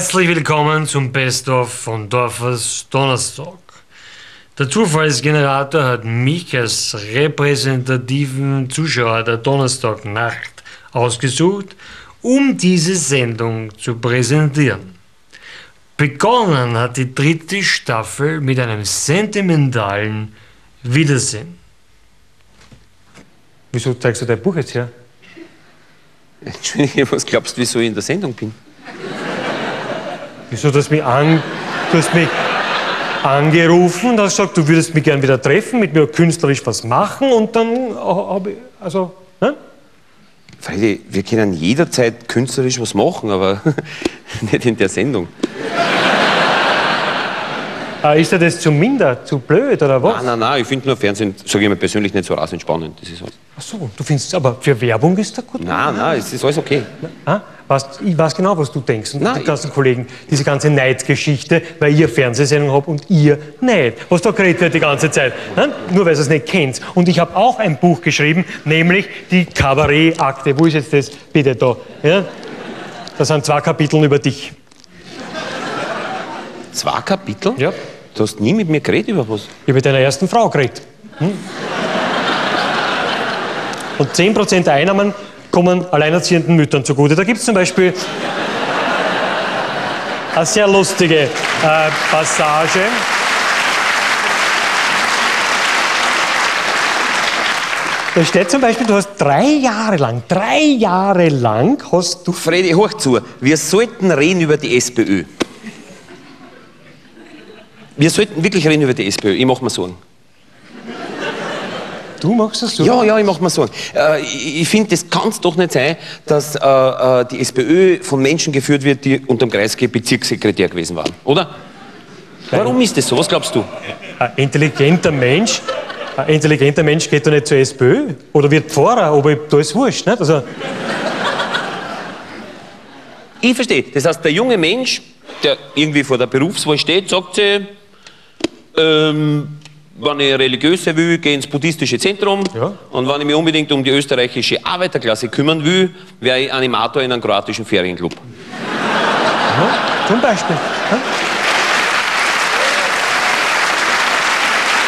Herzlich willkommen zum Best-of von Dorfers Donnerstag. Der Zufallsgenerator hat mich als repräsentativen Zuschauer der Donnerstagnacht ausgesucht, um diese Sendung zu präsentieren. Begonnen hat die dritte Staffel mit einem sentimentalen Wiedersehen. Wieso zeigst du dein Buch jetzt her? Entschuldige, was glaubst du, wieso ich in der Sendung bin? Wieso, du hast mich, an, du hast mich angerufen und hast gesagt, du würdest mich gern wieder treffen, mit mir künstlerisch was machen und dann habe ich, also, ne? Freddy, wir können jederzeit künstlerisch was machen, aber nicht in der Sendung. Ah, ist dir das zu minder, zu blöd oder was? Nein, nein, nein, ich finde nur Fernsehen, sage ich mir persönlich, nicht so rasend entspannend. Das ist alles. Ach so, du findest, es aber für Werbung ist da gut? Nein, nein, es ist alles okay. Ah, weißt, ich weiß genau, was du denkst und die ganzen Kollegen, diese ganze Neidgeschichte, weil ihr Fernsehsendung habt und ihr Neid. Was da geredet wird die ganze Zeit, nein? nur weil ihr es nicht kennt. Und ich habe auch ein Buch geschrieben, nämlich die Kabarettakte. Wo ist jetzt das? Bitte da. Ja? Das sind zwei Kapitel über dich. Zwei Kapitel? Ja. Du hast nie mit mir geredet über was? Ich habe mit deiner ersten Frau geredet. Hm? Und 10% der Einnahmen kommen alleinerziehenden Müttern zugute. Da gibt es zum Beispiel eine sehr lustige äh, Passage. Da steht zum Beispiel, du hast drei Jahre lang, drei Jahre lang hast du. Freddy, hoch zu, wir sollten reden über die SPÖ. Wir sollten wirklich reden über die SPÖ. Ich mach mir Sorgen. Du machst das so? Ja, ja, ich mach mir Sorgen. Äh, ich, finde, das kann es doch nicht sein, dass äh, äh, die SPÖ von Menschen geführt wird, die unter dem Kreisge Bezirkssekretär gewesen waren, oder? Warum ist das so? Was glaubst du? Ein intelligenter Mensch, ein intelligenter Mensch geht doch nicht zur SPÖ oder wird Pfarrer, aber da ist wurscht, nicht? Also ich verstehe. Das heißt, der junge Mensch, der irgendwie vor der Berufswahl steht, sagt sich, ähm, wenn ich religiös sein will, gehe ich ins buddhistische Zentrum. Ja. Und wenn ich mich unbedingt um die österreichische Arbeiterklasse kümmern will, wäre ich Animator in einem kroatischen Ferienclub. Ja, zum Beispiel.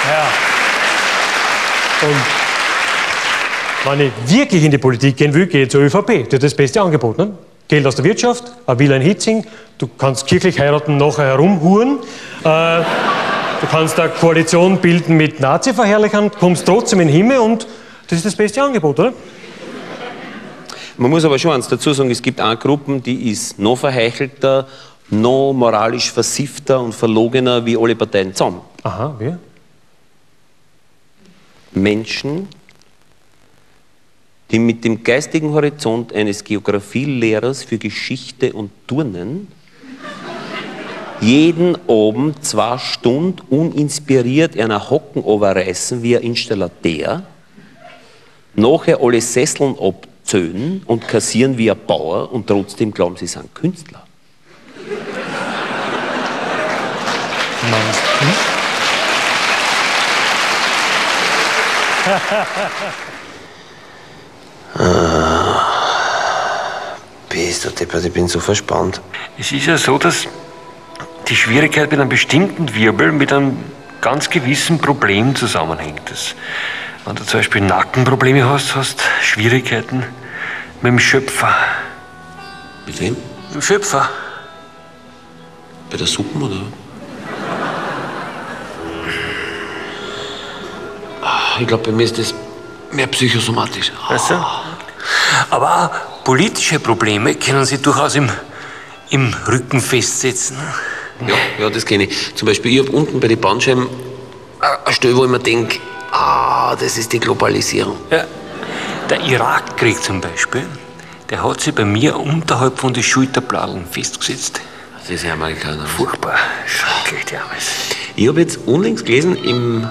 Ja. Und wenn ich wirklich in die Politik gehen will, gehe ich zur ÖVP. Das ist das beste Angebot. Ne? Geld aus der Wirtschaft, ein Villa in Hitzing, du kannst kirchlich heiraten, nachher herumhuren. Äh, Du kannst eine Koalition bilden mit Nazi-Verherrlichern, kommst trotzdem in den Himmel und das ist das beste Angebot, oder? Man muss aber schon eins dazu sagen, es gibt auch Gruppen, die ist noch verheichelter, noch moralisch versiffter und verlogener wie alle Parteien zusammen. Aha, wie? Menschen, die mit dem geistigen Horizont eines Geografielehrers für Geschichte und Turnen jeden Abend zwei Stunden uninspiriert einer Hocken überreißen wie ein Installateur, nachher alle Sesseln abzöhnen und kassieren wie ein Bauer und trotzdem glauben, sie sind Künstler. ah, bist du deppert, ich bin so verspannt. Es ist ja so, dass die Schwierigkeit mit einem bestimmten Wirbel mit einem ganz gewissen Problem zusammenhängt. Das, wenn du zum Beispiel Nackenprobleme hast, hast Schwierigkeiten mit dem Schöpfer. Mit wem? Mit dem Schöpfer. Bei der Suppe oder? Ah, ich glaube, bei mir ist das mehr psychosomatisch. Weißt du? Ah. Aber auch politische Probleme können sich durchaus im, im Rücken festsetzen. Ja, ja das kenne ich. Zum Beispiel, ich habe unten bei den Bandscheiben eine Stelle, wo ich mir denke, ah, das ist die Globalisierung. Ja. Der Irakkrieg zum Beispiel, der hat sich bei mir unterhalb von den Schulterbladeln festgesetzt. Das ist ja Amerikaner. Furchtbar, schrecklich, die Amis. Ich habe jetzt unlängst gelesen, im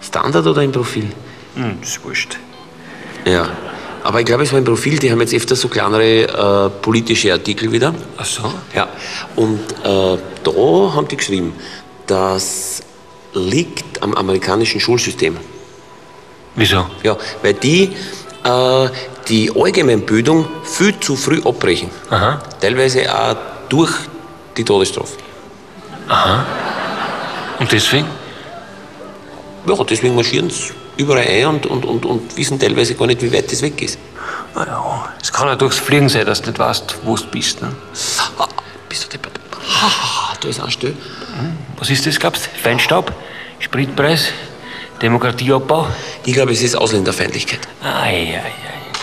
Standard oder im Profil? Hm, ist wurscht. Ja, aber ich glaube, es war ein Profil, die haben jetzt öfter so kleinere äh, politische Artikel wieder. Ach so? Ja. Und äh, da haben die geschrieben, das liegt am amerikanischen Schulsystem. Wieso? Ja, weil die äh, die Allgemeinbildung viel zu früh abbrechen. Aha. Teilweise auch durch die Todesstrafe. Aha. Und deswegen? Ja, deswegen marschieren sie überall ein und, und, und, und wissen teilweise gar nicht, wie weit das weg ist. Naja, es kann ja durchs Fliegen sein, dass du nicht weißt, wo du bist. Ne? Ah, bist du deppert? Ah, da ist ein Still. Hm? Was ist das, glaubst du? Feinstaub? Spritpreis? Demokratieabbau? Ich glaube, es ist Ausländerfeindlichkeit. Ei, ei, ei.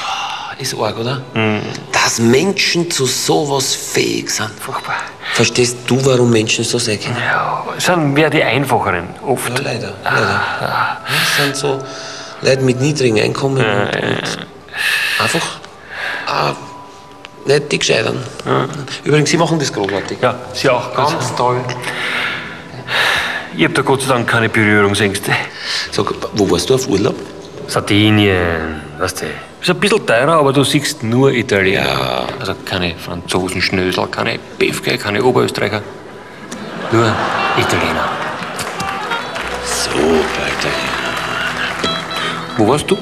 Ah, ist arg, oder? Mhm. Dass Menschen zu sowas fähig sind. Furchtbar. Verstehst du, warum Menschen so sein können? Ja, sind mehr die Einfacheren, oft. Ja, leider. leider. ah. ah sind so Leute mit niedrigem Einkommen ja, und, und einfach äh, nicht die Gescheitern. Übrigens, Sie machen das großartig. Ja, Sie auch. Ganz, ganz toll. Ich habe da Gott sei Dank keine Berührungsängste. Sag, wo warst du auf Urlaub? Sardinien, weißt du. Ist ein bisschen teurer, aber du siehst nur Italiener. Ja. Also keine Franzosen, Schnösel, keine Befke, keine Oberösterreicher. Nur Italiener. So, Italiener. Wo warst du?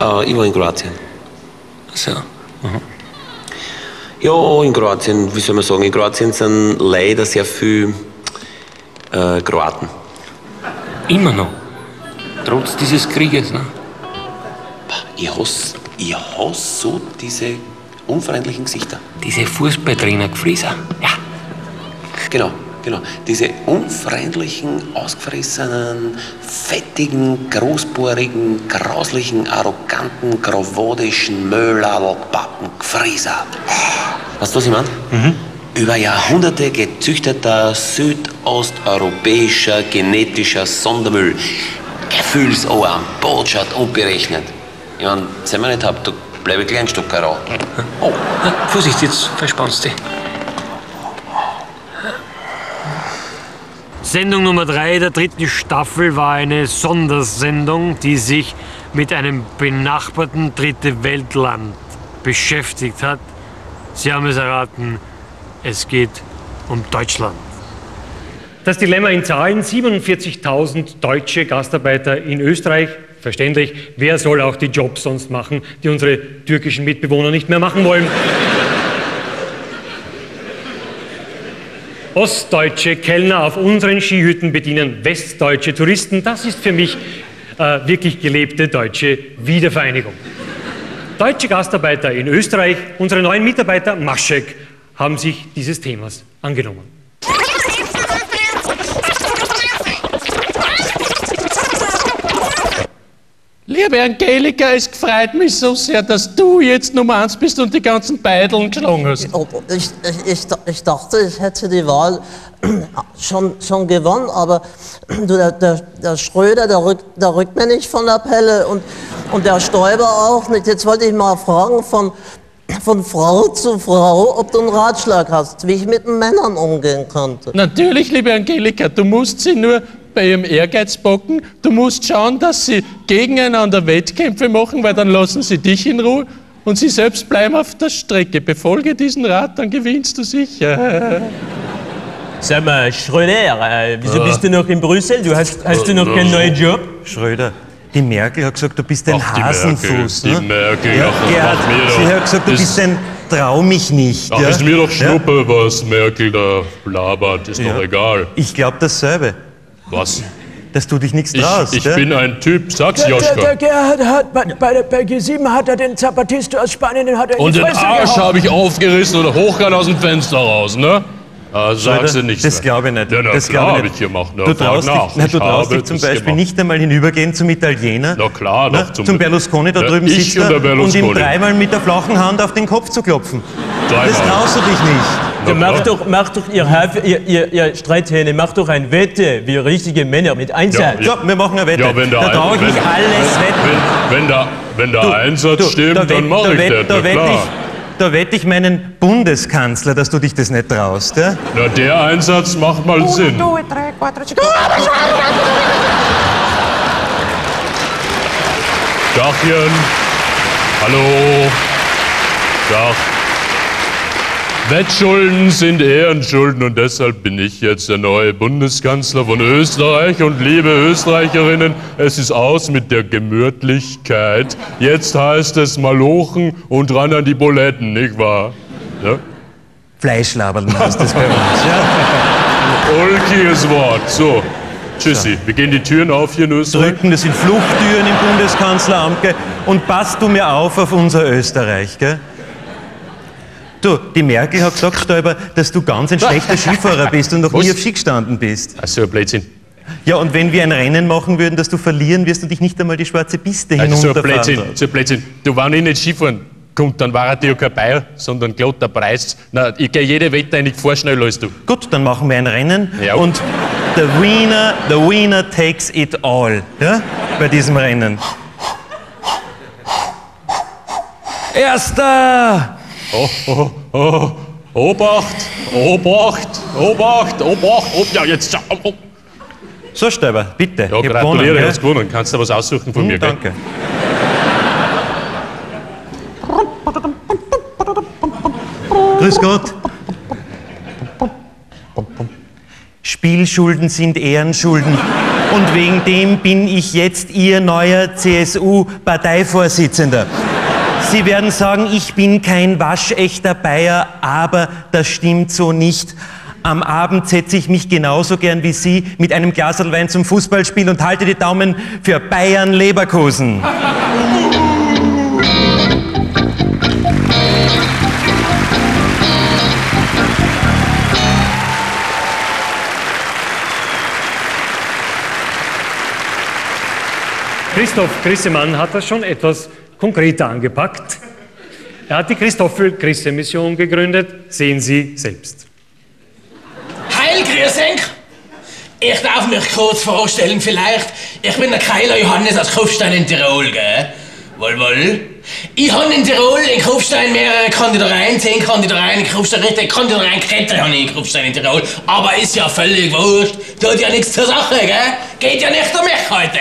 Äh, ich war in Kroatien. So. Mhm. Ja, in Kroatien, wie soll man sagen, in Kroatien sind leider sehr viele äh, Kroaten. Immer noch. Trotz dieses Krieges, ne? Ich hasse, ich hasse so diese unfreundlichen Gesichter. Diese Fußballtrainer-Gefrieser. Ja. Genau. Genau, diese unfreundlichen, ausgefressenen, fettigen, großbohrigen, grauslichen, arroganten, gravodischen Möllerl, Pappenfrieser. Weißt du, was ich meine? Mhm. Über Jahrhunderte gezüchteter südosteuropäischer genetischer Sondermüll. Gefühlsohren, Botschaft unberechnet. Ich meine, wenn ich nicht hab, du bleibe Stück Oh, Vorsicht, jetzt verspannst du dich. Sendung Nummer 3 der dritten Staffel war eine Sondersendung, die sich mit einem benachbarten Dritte Weltland beschäftigt hat. Sie haben es erraten, es geht um Deutschland. Das Dilemma in Zahlen, 47.000 deutsche Gastarbeiter in Österreich. Verständlich, wer soll auch die Jobs sonst machen, die unsere türkischen Mitbewohner nicht mehr machen wollen? Ostdeutsche Kellner auf unseren Skihütten bedienen westdeutsche Touristen. Das ist für mich äh, wirklich gelebte deutsche Wiedervereinigung. deutsche Gastarbeiter in Österreich, unsere neuen Mitarbeiter Maschek, haben sich dieses Themas angenommen. Liebe Angelika, es freut mich so sehr, dass du jetzt Nummer eins bist und die ganzen Beideln geschlagen hast. Oh, ich, ich, ich, dachte, ich hätte die Wahl schon, schon gewonnen, aber du, der, der, der Schröder, der rückt, der rückt mir nicht von der Pelle und, und der Stoiber auch nicht. Jetzt wollte ich mal fragen von, von Frau zu Frau, ob du einen Ratschlag hast, wie ich mit Männern umgehen könnte. Natürlich, liebe Angelika, du musst sie nur bei ihrem Ehrgeiz bocken. Du musst schauen, dass sie gegeneinander Wettkämpfe machen, weil dann lassen sie dich in Ruhe und sie selbst bleiben auf der Strecke. Befolge diesen Rat, dann gewinnst du sicher. Sag mal, Schröder, äh, wieso ja. bist du noch in Brüssel? Du hast, hast du noch ja. keinen neuen Job? Schröder, die Merkel hat gesagt, du bist ein Hasenfuß. Die Merkel, ne? die Merkel ja, ach, Gerhard, sie hat gesagt, du das bist ein Trau mich nicht. Ach, ja? ist mir doch Schnuppe, was Merkel da labert, ist doch egal. Ich glaube dasselbe. Was? Dass du dich nichts traust. Ich, ich bin ein Typ, sag's Joschka. Der, der Gerhard hat bei, bei der G7 hat er den Zapatista aus Spanien, den hat er Und den Arsch habe ich aufgerissen oder hochgerannt aus dem Fenster raus, ne? Äh, also sagst du nichts. Das glaube ich nicht. Ja, na, das klar habe ich gemacht. Na, du traust, dich, na, du traust dich zum Beispiel gemacht. nicht einmal hinübergehen zum Italiener. Na klar, na, doch zum, zum Berlusconi da drüben sitzt er und ihm dreimal mit der flachen Hand auf den Kopf zu klopfen. Dreimal. Das traust du dich nicht. Na, mach doch, mach doch ihr, ihr, ihr, ihr Streithähne, mach doch ein Wette, wie richtige Männer mit Einsatz. Ja, ja. So, wir machen eine Wette. Ja, wenn da, da traue ich wenn, mich alles wetten. Wenn, wenn, da, wenn der du, Einsatz du, stimmt, da dann mache ich das. Da wette ich da wette ich meinen Bundeskanzler, dass du dich das nicht traust. Ja? Na, der Einsatz macht mal Sinn. Dachchen. Hallo. Dach. Wettschulden sind Ehrenschulden und deshalb bin ich jetzt der neue Bundeskanzler von Österreich. Und liebe Österreicherinnen, es ist aus mit der Gemütlichkeit. Jetzt heißt es Malochen und ran an die Buletten, nicht wahr? Ja? Fleischlabern heißt das bei uns. Ja. Ulkiges Wort. So. Tschüssi. Wir gehen die Türen auf hier in Österreich. Drücken, das sind Fluchttüren im Bundeskanzleramt. Gell? Und passt du mir auf auf unser Österreich. Gell? Du, die Merkel hat gesagt, Stoiber, dass du ganz ein schlechter Skifahrer bist und noch Was? nie auf Ski gestanden bist. Ach so, ein Blödsinn. Ja, und wenn wir ein Rennen machen würden, dass du verlieren wirst und dich nicht einmal die schwarze Piste also Ach so ein Blödsinn, so ein Blödsinn. Du, wenn ich nicht Skifahren kommt, dann war er ja kein Bayer, sondern Klotter Preis. Na, ich gehe jede Wette eigentlich vor schneller als du. Gut, dann machen wir ein Rennen ja. und the winner, the winner takes it all, ja, bei diesem Rennen. Erster! Oh, oh, oh, oh. Obacht, Obacht, Obacht, Obacht, oh, ja, jetzt schau. Oh. oh. So, Stöber, bitte. Ja, ich gratuliere, du hast gewonnen. Kannst du was aussuchen von hm, mir, danke. Gell? Grüß Gott. Spielschulden sind Ehrenschulden. Und wegen dem bin ich jetzt Ihr neuer CSU-Parteivorsitzender. Sie werden sagen, ich bin kein waschechter Bayer, aber das stimmt so nicht. Am Abend setze ich mich genauso gern wie Sie mit einem Glas Wein zum Fußballspiel und halte die Daumen für Bayern Leverkusen. Christoph Grissemann hat das schon etwas konkreter angepackt. Er hat die Christoffel-Christe-Mission gegründet, sehen Sie selbst. Heil, grüß Ich darf mich kurz vorstellen vielleicht. Ich bin der Keiler Johannes aus Kufstein in Tirol, gell? Woll, woll. Ich habe in Tirol, in Kufstein, mehrere Konditoreien, zehn Konditoreien, in Kufstein, richtig, Konditoreienkette habe ich in Kufstein in Tirol. Aber ist ja völlig wurscht, tut ja nichts zur Sache, gell? Geht ja nicht um mich heute.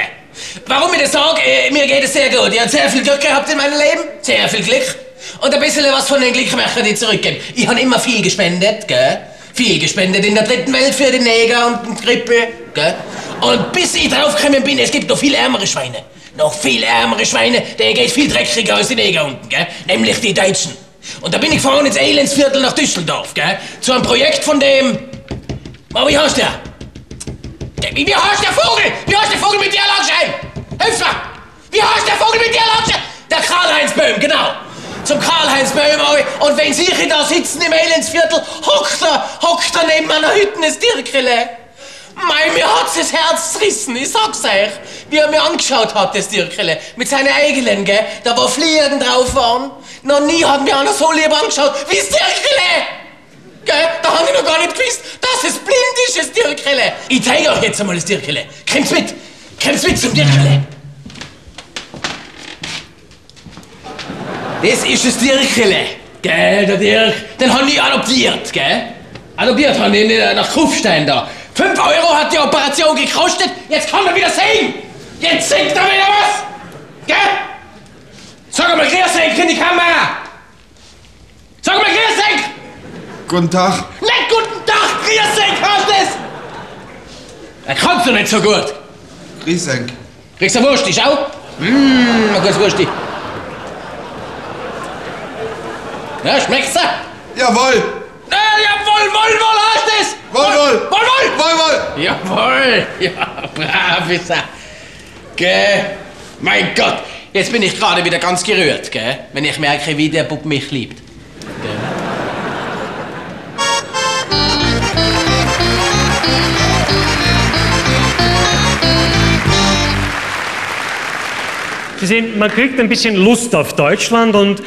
Warum ich das sage, äh, mir geht es sehr gut. Ich habe sehr viel Glück gehabt in meinem Leben, sehr viel Glück. Und ein bisschen was von den Glückmachern, die zurückgehen. Ich habe immer viel gespendet, gell? Viel gespendet in der dritten Welt für die Neger und die Grippe, gell? Und bis ich draufgekommen bin, es gibt noch viel ärmere Schweine. Noch viel ärmere Schweine, der geht viel dreckiger als die Neger unten, gell? Nämlich die Deutschen. Und da bin ich gefahren ins Elendsviertel nach Düsseldorf, gell? Zu einem Projekt von dem... Aber wie heißt der? Wie heißt der Vogel? Wie heißt der Vogel mit Dialogschein? Hüpfer! Wie heißt der Vogel mit dir, Laute? Der Karl-Heinz Böhm, genau. Zum Karl-Heinz Böhm Und wenn Sie da sitzen im Elendsviertel, hockt er, hockt er neben meiner Hütte das Dirkele. Mei, mir hat's das Herz zerrissen, ich sag's euch. Wie er mir angeschaut hat, das Dirkele, mit seinen eigenen, gell, da wo Fliegen drauf waren. Noch nie hat mir einer so lieb angeschaut wie das Dirkele. Gell, da hab ich noch gar nicht gewusst, dass es blind ist, das Dirkele. Ich zeig euch jetzt einmal das Dirkele. Kommt mit, kommt mit zum Dirkele. Das ist das Dirkele, gell, der Dirk. Den haben die adoptiert, gell? Adoptiert haben die äh, nach Kufstein da. 5 Euro hat die Operation gekostet, jetzt kann er wieder singen! Jetzt singt er wieder was! Gell? Sag mal Griersenk in die Kamera! Sag mal Griersenk! Guten Tag! Nicht guten Tag, Griersenk heißt es! Er kommt doch nicht so gut! Griersenk. Kriegst du Wurst, ich auch? Mmh, hm, ein gutes Wursti. Na, schmeckt's da? Jawohl! Na, jawohl, wohl, wohl heißt es! Wohl, wohl! Wohl, wohl! Wohl, wohl! Jawohl! Ja, brav ist er. Gell? Mein Gott, jetzt bin ich gerade wieder ganz gerührt, gell? Wenn ich merke, wie der Bub mich liebt. Gell? Sie sehen, man kriegt ein bisschen Lust auf Deutschland und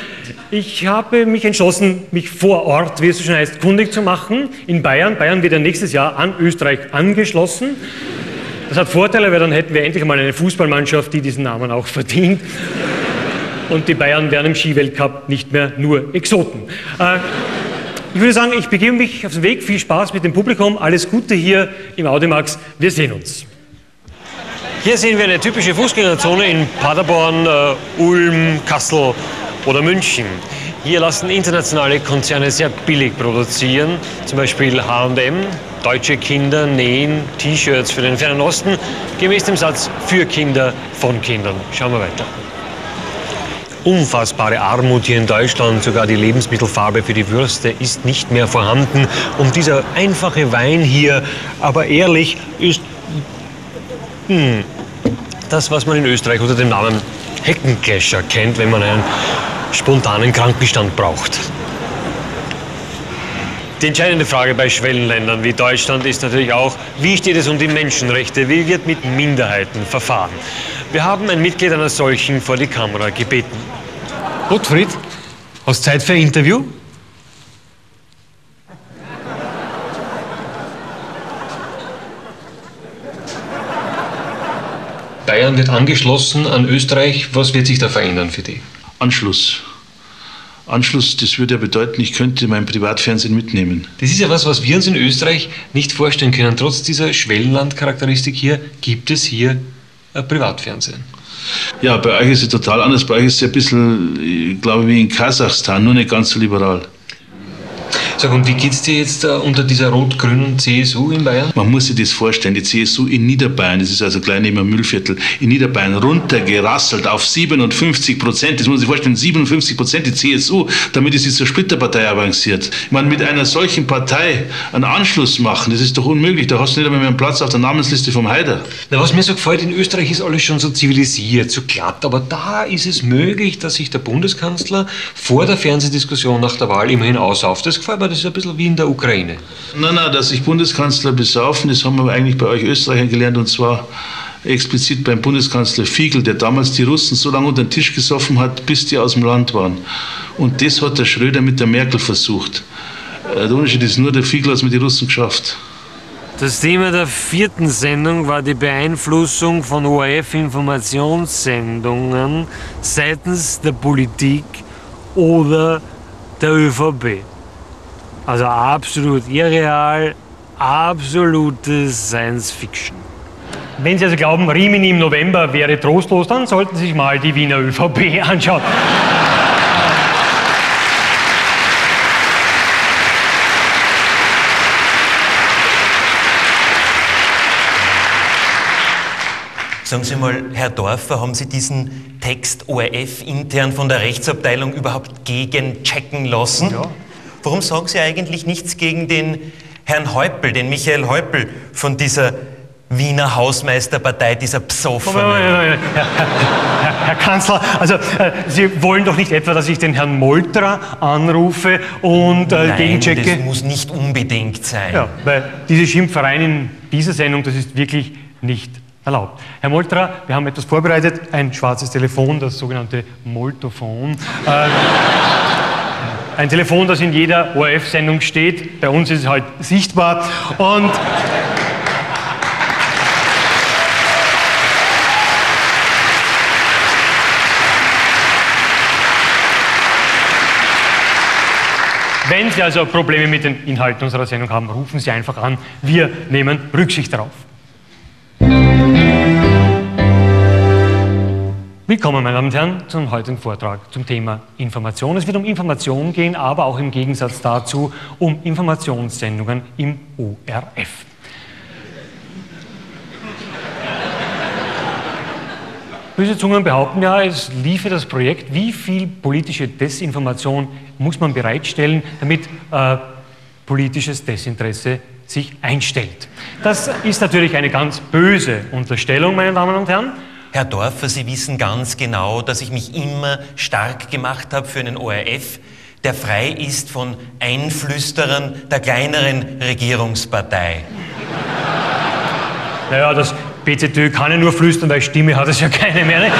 ich habe mich entschlossen, mich vor Ort, wie es so schön heißt, kundig zu machen in Bayern. Bayern wird ja nächstes Jahr an Österreich angeschlossen. Das hat Vorteile, weil dann hätten wir endlich mal eine Fußballmannschaft, die diesen Namen auch verdient. Und die Bayern wären im Skiweltcup nicht mehr nur Exoten. Äh, ich würde sagen, ich begebe mich auf den Weg. Viel Spaß mit dem Publikum. Alles Gute hier im Audimax. Wir sehen uns. Hier sehen wir eine typische Fußgängerzone in Paderborn, äh, Ulm, Kassel, oder München. Hier lassen internationale Konzerne sehr billig produzieren, zum Beispiel HM. Deutsche Kinder nähen T-Shirts für den Fernen Osten, gemäß dem Satz für Kinder von Kindern. Schauen wir weiter. Unfassbare Armut hier in Deutschland, sogar die Lebensmittelfarbe für die Würste ist nicht mehr vorhanden. Und dieser einfache Wein hier, aber ehrlich, ist hm, das, was man in Österreich unter dem Namen Heckenkescher kennt, wenn man einen spontanen Krankenstand braucht. Die entscheidende Frage bei Schwellenländern wie Deutschland ist natürlich auch, wie steht es um die Menschenrechte, wie wird mit Minderheiten verfahren. Wir haben ein Mitglied einer solchen vor die Kamera gebeten. Gottfried, hast du Zeit für ein Interview? Bayern wird angeschlossen an Österreich. Was wird sich da verändern für dich? Anschluss. Anschluss, das würde ja bedeuten, ich könnte mein Privatfernsehen mitnehmen. Das ist ja was, was wir uns in Österreich nicht vorstellen können. Trotz dieser Schwellenlandcharakteristik hier gibt es hier ein äh, Privatfernsehen. Ja, bei euch ist es total anders. Bei euch ist es ein bisschen, äh, ich glaube, wie in Kasachstan, nur nicht ganz so liberal. Sag, und wie geht's dir jetzt äh, unter dieser rot-grünen CSU in Bayern? Man muss sich das vorstellen, die CSU in Niederbayern, das ist also gleich neben dem Müllviertel, in Niederbayern runtergerasselt auf 57 Prozent. Das muss man sich vorstellen, 57 Prozent die CSU, damit ist sie zur Splitterpartei avanciert. Man mit einer solchen Partei einen Anschluss machen, das ist doch unmöglich. Da hast du nicht einmal mehr einen Platz auf der Namensliste vom Haider. Na, was mir so gefällt, in Österreich ist alles schon so zivilisiert, so glatt, aber da ist es möglich, dass sich der Bundeskanzler vor der Fernsehdiskussion nach der Wahl immerhin aussauft. Das gefällt mir das ist ein bisschen wie in der Ukraine. Nein, nein, dass sich Bundeskanzler besaufen, das haben wir eigentlich bei euch Österreichern gelernt und zwar explizit beim Bundeskanzler Fiegel, der damals die Russen so lange unter den Tisch gesoffen hat, bis die aus dem Land waren. Und das hat der Schröder mit der Merkel versucht. Äh, der Unterschied ist nur, der Fiegel hat es mit den Russen geschafft. Das Thema der vierten Sendung war die Beeinflussung von ORF-Informationssendungen e seitens der Politik oder der ÖVP. Also absolut irreal, absolute Science Fiction. Wenn Sie also glauben, Rimini im November wäre trostlos, dann sollten Sie sich mal die Wiener ÖVP anschauen. Sagen Sie mal, Herr Dorfer, haben Sie diesen Text ORF intern von der Rechtsabteilung überhaupt gegenchecken lassen? Ja warum sagen Sie eigentlich nichts gegen den Herrn Häupl, den Michael Häupl von dieser Wiener Hausmeisterpartei, dieser Psoffene. Herr, Herr, Kanzler, also äh, Sie wollen doch nicht etwa, dass ich den Herrn Moltra anrufe und äh, Nein, gegenchecke? das muss nicht unbedingt sein. Ja, weil diese Schimpfereien in dieser Sendung, das ist wirklich nicht erlaubt. Herr Moltra, wir haben etwas vorbereitet, ein schwarzes Telefon, das sogenannte Moltophon. Äh, ein Telefon, das in jeder ORF-Sendung steht. Bei uns ist es halt sichtbar. Und Wenn Sie also Probleme mit den Inhalten unserer Sendung haben, rufen Sie einfach an. Wir nehmen Rücksicht darauf. Willkommen, meine Damen und Herren, zum heutigen Vortrag zum Thema Information. Es wird um Information gehen, aber auch im Gegensatz dazu um Informationssendungen im ORF. Böse Zungen behaupten ja, es liefe das Projekt, wie viel politische Desinformation muss man bereitstellen, damit äh, politisches Desinteresse sich einstellt. Das ist natürlich eine ganz böse Unterstellung, meine Damen und Herren. Herr Dorfer, Sie wissen ganz genau, dass ich mich immer stark gemacht habe für einen ORF, der frei ist von Einflüsterern der kleineren Regierungspartei. Naja, das BZÖ kann ja nur flüstern, weil Stimme hat es ja keine mehr. Ne?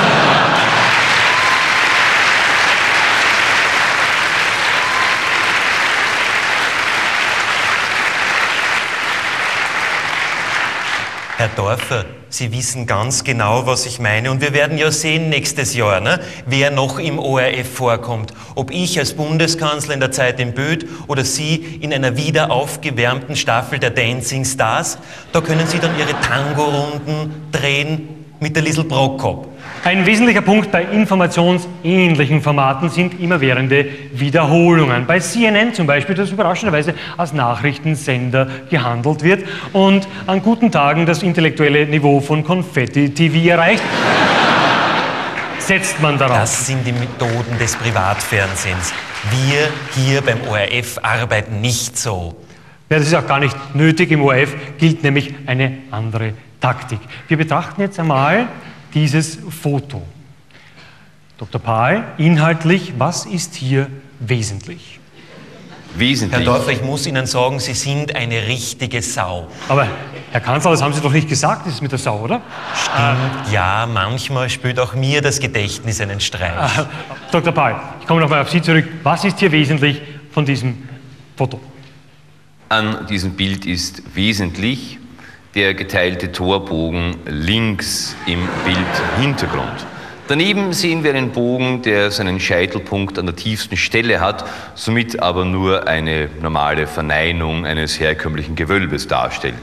Herr Dorfer, Sie wissen ganz genau, was ich meine. Und wir werden ja sehen nächstes Jahr, ne, wer noch im ORF vorkommt. Ob ich als Bundeskanzler in der Zeit im Böd oder Sie in einer wieder aufgewärmten Staffel der Dancing Stars. Da können Sie dann Ihre Tango-Runden drehen mit der Little Prokop. Ein wesentlicher Punkt bei informationsähnlichen Formaten sind immerwährende Wiederholungen. Bei CNN zum Beispiel, das überraschenderweise als Nachrichtensender gehandelt wird und an guten Tagen das intellektuelle Niveau von Konfetti TV erreicht. Setzt man darauf. Das sind die Methoden des Privatfernsehens. Wir hier beim ORF arbeiten nicht so. Ja, das ist auch gar nicht nötig. Im ORF gilt nämlich eine andere Taktik. Wir betrachten jetzt einmal dieses Foto. Dr. Pahl, inhaltlich, was ist hier wesentlich? Wesentlich. Herr Dorfer, ich muss Ihnen sagen, Sie sind eine richtige Sau. Aber Herr Kanzler, das haben Sie doch nicht gesagt, das ist mit der Sau, oder? Stimmt. ja, manchmal spürt auch mir das Gedächtnis einen Streich. Ah, Dr. Pahl, ich komme nochmal auf Sie zurück. Was ist hier wesentlich von diesem Foto? An diesem Bild ist wesentlich, der geteilte Torbogen links im Bildhintergrund. Daneben sehen wir einen Bogen, der seinen Scheitelpunkt an der tiefsten Stelle hat, somit aber nur eine normale Verneinung eines herkömmlichen Gewölbes darstellt.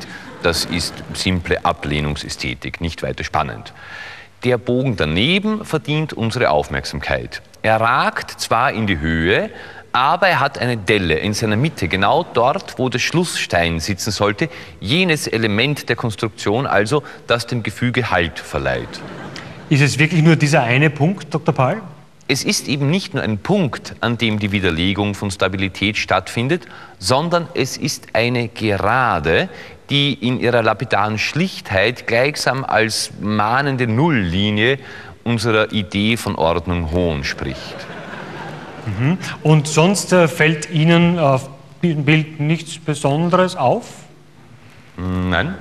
Das ist simple Ablehnungsästhetik, nicht weiter spannend. Der Bogen daneben verdient unsere Aufmerksamkeit. Er ragt zwar in die Höhe, aber er hat eine Delle in seiner Mitte, genau dort, wo der Schlussstein sitzen sollte, jenes Element der Konstruktion also, das dem Gefüge Halt verleiht. Ist es wirklich nur dieser eine Punkt, Dr. Paul? Es ist eben nicht nur ein Punkt, an dem die Widerlegung von Stabilität stattfindet, sondern es ist eine Gerade, die in ihrer lapidaren Schlichtheit gleichsam als mahnende Nulllinie unserer Idee von Ordnung Hohn spricht. Mhm. Und sonst äh, fällt Ihnen äh, auf dem Bild nichts Besonderes auf? Nein.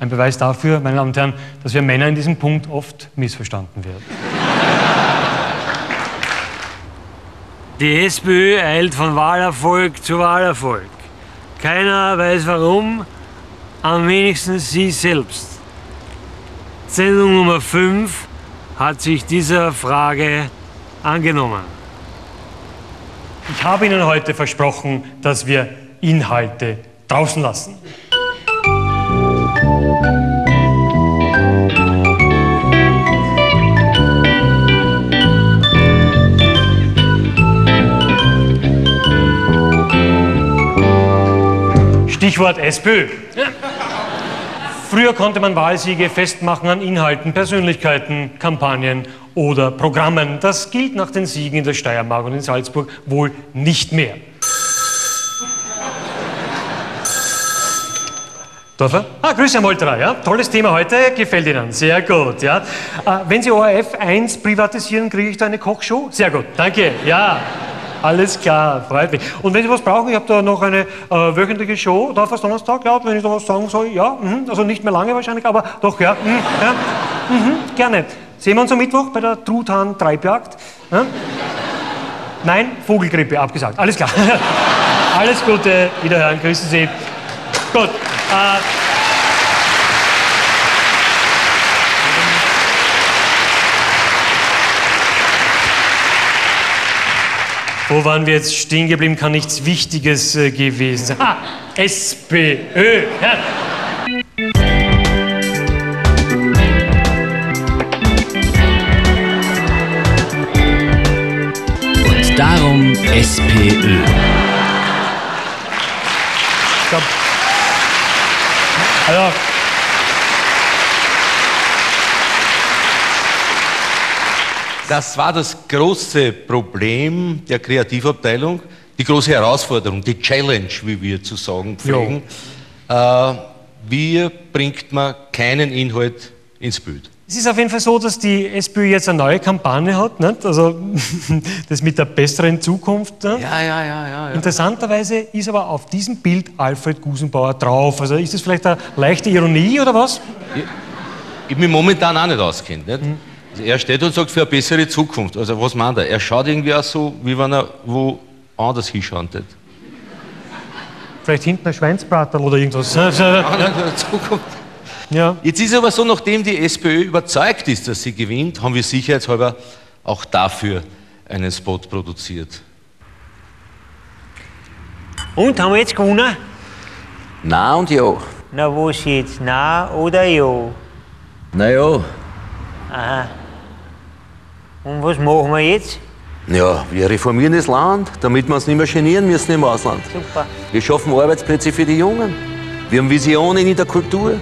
Ein Beweis dafür, meine Damen und Herren, dass wir Männer in diesem Punkt oft missverstanden werden. Die SPÖ eilt von Wahlerfolg zu Wahlerfolg. Keiner weiß warum, am wenigsten sie selbst. Sendung Nummer 5 hat sich dieser Frage Angenommen. Ich habe Ihnen heute versprochen, dass wir Inhalte draußen lassen. Stichwort SPÖ. Früher konnte man Wahlsiege festmachen an Inhalten, Persönlichkeiten, Kampagnen oder Programmen. Das gilt nach den Siegen in der Steiermark und in Salzburg wohl nicht mehr. Dorfer? Ah, Grüße Herr Moltra, ja. Tolles Thema heute, gefällt Ihnen. Sehr gut, ja. Äh, wenn Sie ORF 1 privatisieren, kriege ich da eine Kochshow? Sehr gut, danke, ja. Alles klar, freut mich. Und wenn Sie was brauchen, ich habe da noch eine äh, wöchentliche Show, da fast Donnerstag, glaube wenn ich da was sagen soll, ja. Mh, also nicht mehr lange wahrscheinlich, aber doch, ja. Mh, ja mh, gerne. Sehen wir uns am Mittwoch bei der Truthahn-Treibjagd? Ja? Nein, Vogelgrippe, abgesagt. Alles klar. Alles Gute, wiederhören, grüßen Sie. Gut. Äh, Wo waren wir jetzt stehen geblieben? Kann nichts Wichtiges äh, gewesen sein. Ah, SPÖ. Ja. Das war das große Problem der Kreativabteilung, die große Herausforderung, die Challenge, wie wir zu sagen pflegen. Äh, wie bringt man keinen Inhalt ins Bild? Es ist auf jeden Fall so, dass die SPÖ jetzt eine neue Kampagne hat, nicht? also das mit der besseren Zukunft. Ja, ja, ja, ja, ja, Interessanterweise ist aber auf diesem Bild Alfred Gusenbauer drauf. Also ist das vielleicht eine leichte Ironie oder was? Ich, ich mich momentan auch nicht auskennt. Nicht? Mhm. Also er steht und sagt für eine bessere Zukunft. Also was meint er? Er schaut irgendwie auch so, wie wenn er wo anders hinschaut. Vielleicht hinten ein Schweinsbraterl oder irgendwas. Zukunft. Ja. Jetzt ist aber so, nachdem die SPÖ überzeugt ist, dass sie gewinnt, haben wir sicherheitshalber auch dafür einen Spot produziert. Und haben wir jetzt gewonnen? Na und ja. Na, was jetzt? Na oder ja? Na ja. Aha. Und was machen wir jetzt? Ja, wir reformieren das Land, damit wir es nicht mehr genieren müssen im Ausland. Super. Wir schaffen Arbeitsplätze für die Jungen. Wir haben Visionen in der Kultur.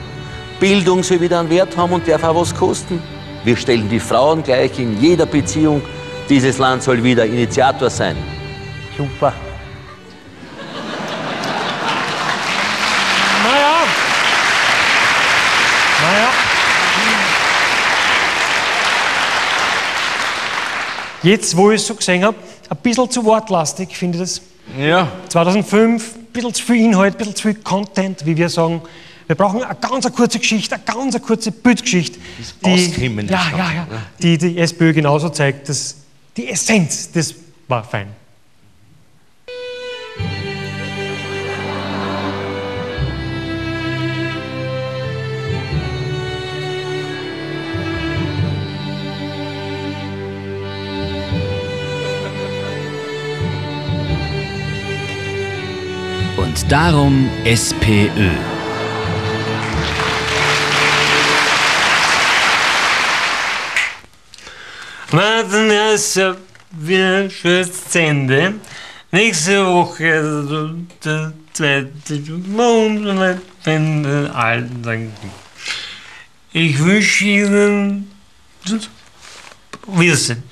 Bildung soll wieder einen Wert haben und darf auch was kosten. Wir stellen die Frauen gleich in jeder Beziehung. Dieses Land soll wieder Initiator sein. Super. Jetzt, wo ich es so gesehen habe, ein bisschen zu wortlastig, finde ich das. Ja. 2005, ein bisschen zu viel Inhalt, ein bisschen zu viel Content, wie wir sagen. Wir brauchen eine ganz kurze Geschichte, eine ganz kurze Bildgeschichte. Das Die, ja, ja, ja, die die SPÖ genauso zeigt, dass die Essenz, das war fein. darum SPÖ. Warten wir erst wir fürs Ende. Nächste Woche also, der zweite Monat, wenn es allen dann Ich wünsche Ihnen Wissen.